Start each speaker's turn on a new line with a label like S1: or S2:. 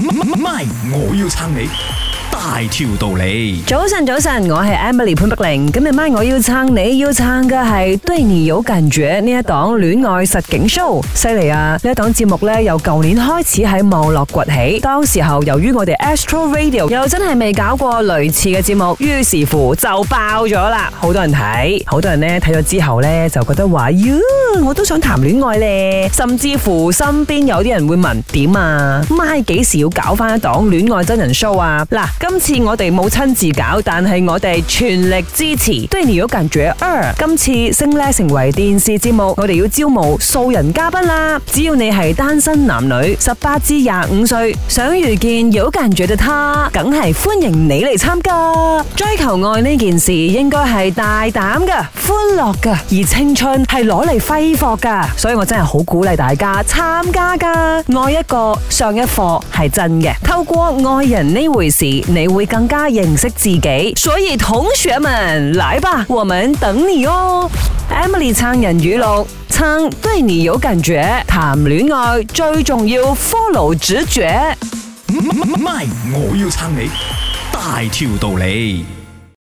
S1: 咪咪，我要撐你，大條道理。
S2: 早晨，早晨，我係 Emily 潘碧玲。今日咪我要撐你，要撐嘅係對你有感覺，跟住呢一檔戀愛實景 show，犀利啊！呢一檔節目咧，由舊年開始喺網絡崛起，當時候，由於我哋 Astro Radio 又真係未搞過類似嘅節目，於是乎就爆咗啦，好多人睇，好多人咧睇咗之後咧就覺得話，U。我都想談戀愛呢，甚至乎身邊有啲人會問點啊？咪係幾時要搞翻一檔戀愛真人 show 啊？嗱，今次我哋冇親自搞，但係我哋全力支持。d a n 感覺 l r 今次升呢成為電視節目，我哋要招募素人嘉賓啦！只要你係單身男女，十八至廿五歲，想遇見 g 感覺 g i 的他，梗係歡迎你嚟參加。追求愛呢件事，應該係大膽噶。歡樂噶，而青春係攞嚟揮霍噶，所以我真係好鼓勵大家參加噶。愛一個上一課係真嘅，透過愛人呢回事，你會更加認識自己。所以同學們，來吧，我們等你哦。Emily 撐人語錄，撐對你有感覺，談戀愛最重要 follow 直覺。
S1: 唔係，我要撐你，大條道理。